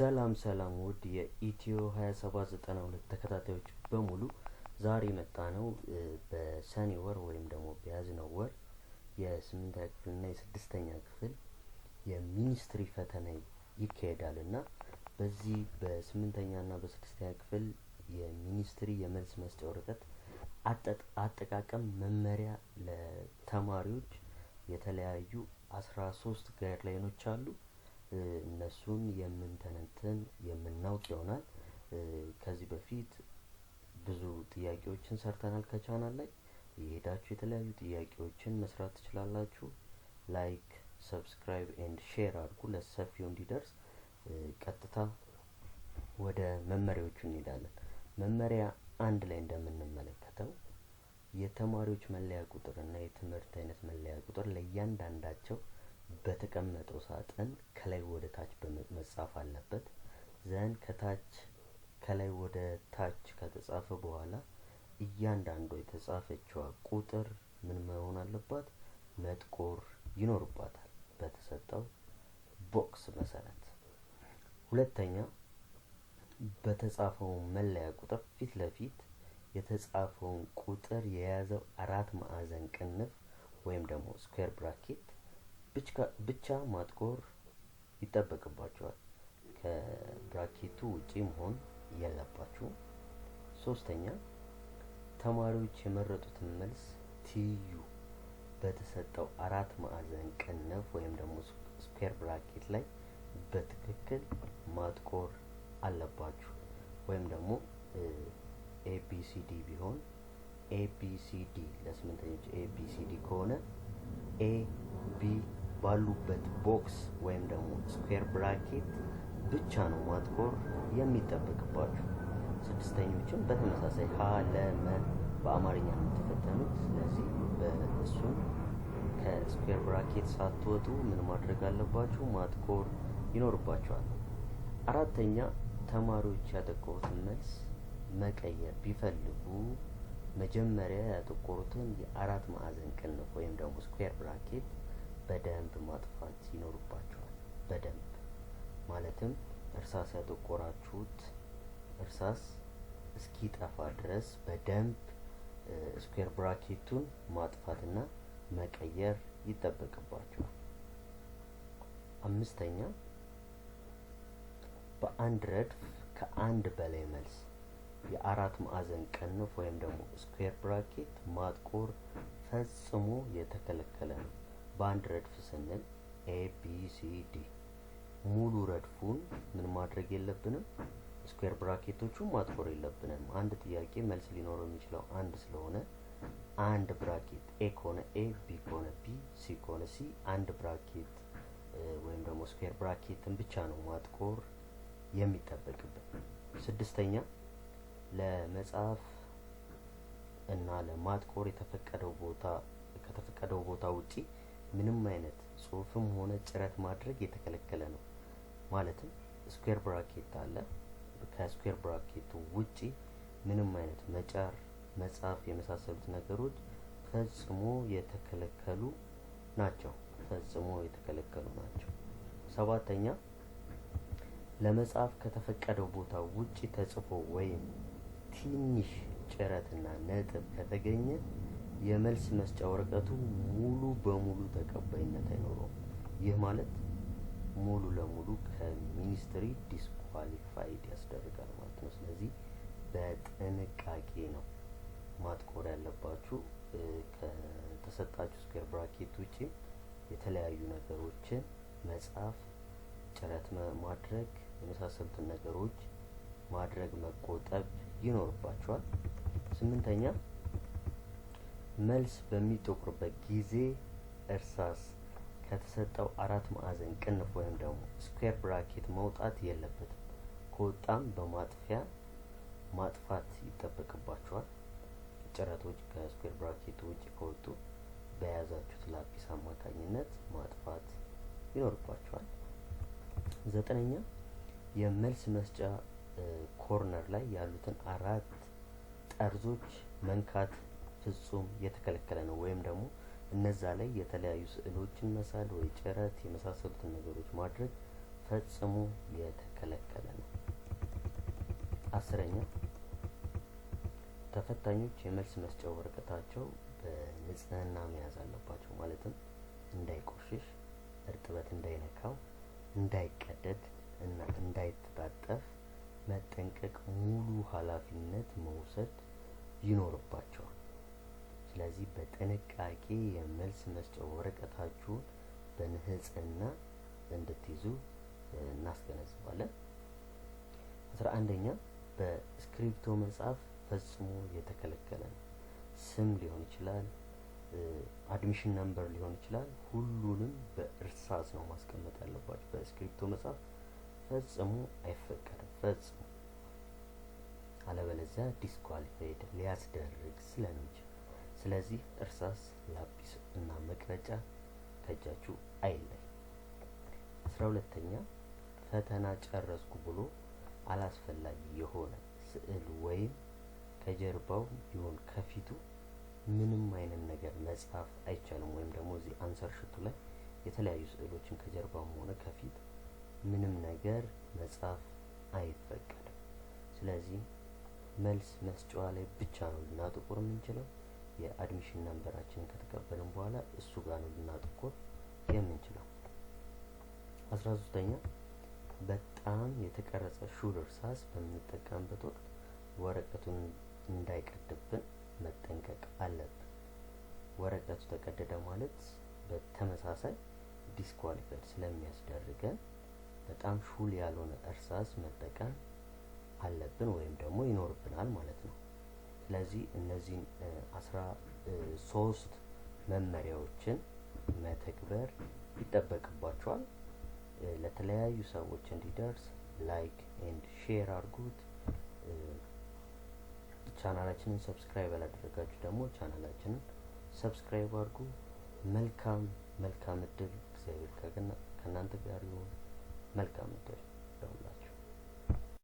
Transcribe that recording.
ሰላም ሰላም ውድ የኢትዮ 2792 ተከታታዮች በሙሉ ዛሬ የመጣ ነው በሰኔ ወር ወይም ደግሞ በያዝነው ወር የስምንተኛ ክፍል እና የስድስተኛ ክፍል የሚኒስትሪ ፈተና ይካሄዳል እና በዚህ በስምንተኛ ና በስድስተኛ ክፍል የሚኒስትሪ የመልስ መስጫ ወረቀት አጠቃቀም መመሪያ ለተማሪዎች የተለያዩ አስራ ሶስት ጋይድላይኖች አሉ እነሱን የምንተነትን የምናውቅ ይሆናል። ከዚህ በፊት ብዙ ጥያቄዎችን ሰርተናል ከቻናል ላይ የሄዳችሁ የተለያዩ ጥያቄዎችን መስራት ትችላላችሁ። ላይክ ሰብስክራይብ ኤንድ ሼር አድርጉ ለሰፊው እንዲደርስ። ቀጥታ ወደ መመሪያዎቹ እንሄዳለን። መመሪያ አንድ ላይ እንደምንመለከተው የተማሪዎች መለያ ቁጥር እና የትምህርት አይነት መለያ ቁጥር ለእያንዳንዳቸው በተቀመጠው ሳጥን ከላይ ወደ ታች መጻፍ አለበት። ዘን ከታች ከላይ ወደ ታች ከተጻፈ በኋላ እያንዳንዱ የተጻፈችዋ ቁጥር ምን መሆን አለባት? መጥቆር ይኖርባታል በተሰጠው ቦክስ መሰረት። ሁለተኛ በተጻፈው መለያ ቁጥር ፊት ለፊት የተጻፈውን ቁጥር የያዘው አራት ማዕዘን ቅንፍ ወይም ደግሞ ስኩዌር ብራኬት ብቻ ማጥቆር ይጠበቅባቸዋል ከብራኬቱ ውጪ መሆን የለባችሁም። ሶስተኛ ተማሪዎች የመረጡትን መልስ ትይዩ በተሰጠው አራት ማዕዘን ቅንፍ ወይም ደግሞ ስኩዌር ብራኬት ላይ በትክክል ማጥቆር አለባችሁ። ወይም ደግሞ ኤቢሲዲ ቢሆን ኤቢሲዲ ለስምንተኞች ኤቢሲዲ ከሆነ ኤቢ ባሉበት ቦክስ ወይም ደግሞ ስኩዌር ብራኬት ብቻ ነው ማትኮር የሚጠበቅባችሁ። ስድስተኞችም በተመሳሳይ ሀ ለመ በአማርኛ ነው የተፈተኑት። ስለዚህ ከስኩዌር ብራኬት ሳትወጡ ምን ማድረግ አለባችሁ? ማትኮር ይኖርባችኋል። አራተኛ ተማሪዎች ያጠቆሩትን መልስ መቀየር ቢፈልጉ መጀመሪያ ያጠቆሩትን የአራት ማዕዘን ቅንፍ ወይም ደግሞ ስኩዌር ብራኬት በደንብ ማጥፋት ይኖርባቸዋል በደንብ ማለትም እርሳስ ያጠቆራችሁት እርሳስ እስኪጠፋ ድረስ በደንብ ስኩዌር ብራኬቱን ማጥፋትና መቀየር ይጠበቅባቸዋል። አምስተኛ በአንድ ረድፍ ከአንድ በላይ መልስ የአራት ማዕዘን ቀንፍ ወይም ደግሞ ስኩዌር ብራኬት ማጥቆር ፈጽሞ የተከለከለ ነው። በአንድ ረድፍ ስንል ኤ ቢ ሲ ዲ ሙሉ ረድፉን ምን ማድረግ የለብንም ስኩዌር ብራኬቶቹን ማጥቆር የለብንም። አንድ ጥያቄ መልስ ሊኖረው የሚችለው አንድ ስለሆነ አንድ ብራኬት ኤ ከሆነ ኤ፣ ቢ ከሆነ ቢ፣ ሲ ከሆነ ሲ፣ አንድ ብራኬት ወይም ደግሞ ስኩዌር ብራኬትን ብቻ ነው ማጥቆር የሚጠበቅብን። ስድስተኛ ለመጻፍ እና ለማጥቆር የተፈቀደው ቦታ ከተፈቀደው ቦታ ውጪ ምንም አይነት ጽሁፍም ሆነ ጭረት ማድረግ የተከለከለ ነው። ማለትም ስኩዌር ብራኬት አለ። ከስኩዌር ብራኬቱ ውጪ ምንም አይነት መጫር፣ መጻፍ የመሳሰሉት ነገሮች ፈጽሞ የተከለከሉ ናቸው። ፈጽሞ የተከለከሉ ናቸው። ሰባተኛ ለመጻፍ ከተፈቀደው ቦታ ውጪ ተጽፎ ወይም ትንሽ ጭረትና ነጥብ ከተገኘ የመልስ መስጫ ወረቀቱ ሙሉ በሙሉ ተቀባይነት አይኖረውም። ይህ ማለት ሙሉ ለሙሉ ከሚኒስትሪ ዲስኳሊፋይድ ያስደርጋል ማለት ነው። ስለዚህ በጥንቃቄ ነው ማጥቆር ያለባችሁ። ከተሰጣችሁ እስከ ብራኬት ውጪ የተለያዩ ነገሮችን መጻፍ፣ ጭረት ማድረግ፣ የመሳሰሉትን ነገሮች ማድረግ መቆጠብ ይኖርባችኋል። ስምንተኛ መልስ በሚጠቁርበት ጊዜ እርሳስ ከተሰጠው አራት ማዕዘን ቅንፍ ወይም ደግሞ ስኩዌር ብራኬት መውጣት የለበትም። ከወጣም በማጥፊያ ማጥፋት ይጠበቅባቸዋል። ጭረቶች ከስኩዌር ብራኬት ውጭ ከወጡ በያዛችሁት ላፒስ አማካኝነት ማጥፋት ይኖርባቸዋል። ዘጠነኛ የመልስ መስጫ ኮርነር ላይ ያሉትን አራት ጠርዞች መንካት ፍጹም የተከለከለ ነው። ወይም ደግሞ እነዛ ላይ የተለያዩ ስዕሎችን መሳል ወይ ጭረት የመሳሰሉትን ነገሮች ማድረግ ፈጽሞ የተከለከለ ነው። አስረኛ ተፈታኞች የመልስ መስጫ ወረቀታቸው በንጽህና መያዝ አለባቸው። ማለትም እንዳይቆሽሽ፣ እርጥበት እንዳይነካው፣ እንዳይቀደድ እና እንዳይተጣጠፍ መጠንቀቅ ሙሉ ኃላፊነት መውሰድ ይኖርባቸዋል። ስለዚህ በጥንቃቄ የመልስ መስጫ ወረቀታችሁን በንህጽና እንድትይዙ እናስገነዝባለን። አስራ አንደኛ በእስክሪብቶ መጽሐፍ ፈጽሞ የተከለከለ ነው። ስም ሊሆን ይችላል፣ አድሚሽን ነምበር ሊሆን ይችላል። ሁሉንም በእርሳስ ነው ማስቀመጥ ያለባችሁ። በእስክሪብቶ መጽሐፍ ፈጽሞ አይፈቀድም፣ ፈጽሞ አለበለዚያ ዲስኳሊፋይድ ሊያስደርግ ስለሚችል ስለዚህ እርሳስ፣ ላጲስ እና መቅረጫ ከእጃችሁ አይለይ። አስራ ሁለተኛ ፈተና ጨረስኩ ብሎ አላስፈላጊ የሆነ ስዕል ወይም ከጀርባው ይሁን ከፊቱ ምንም አይነት ነገር መጻፍ አይቻልም። ወይም ደግሞ እዚህ አንሰር ሽቱ ላይ የተለያዩ ስዕሎችን ከጀርባውም ሆነ ከፊት ምንም ነገር መጻፍ አይፈቀድም። ስለዚህ መልስ መስጫዋ ላይ ብቻ ነው ልናጠቁር የምንችለው። የአድሚሽን ነንበራችንን ከተቀበልን በኋላ እሱ ጋር ነው ልናተኩር የምንችለው። አስራ ሶስተኛ በጣም የተቀረጸ ሹል እርሳስ በምንጠቀምበት ወቅት ወረቀቱን እንዳይቀድብን መጠንቀቅ አለብን። ወረቀቱ ተቀደደ ማለት በተመሳሳይ ዲስኳሊፋይድ ስለሚያስደርገን በጣም ሹል ያልሆነ እርሳስ መጠቀም አለብን ወይም ደግሞ ይኖርብናል ማለት ነው። ስለዚህ እነዚህን አስራ ሶስት መመሪያዎችን መተግበር ይጠበቅባቸዋል። ለተለያዩ ሰዎች እንዲደርስ ላይክ ኤንድ ሼር አድርጉት። ቻናላችንን ሰብስክራይብ ያላደረጋችሁ ደግሞ ቻናላችንን ሰብስክራይብ አድርጉ። መልካም መልካም እድል። እግዚአብሔር ከእናንተ ጋር ይሁን። መልካም እድል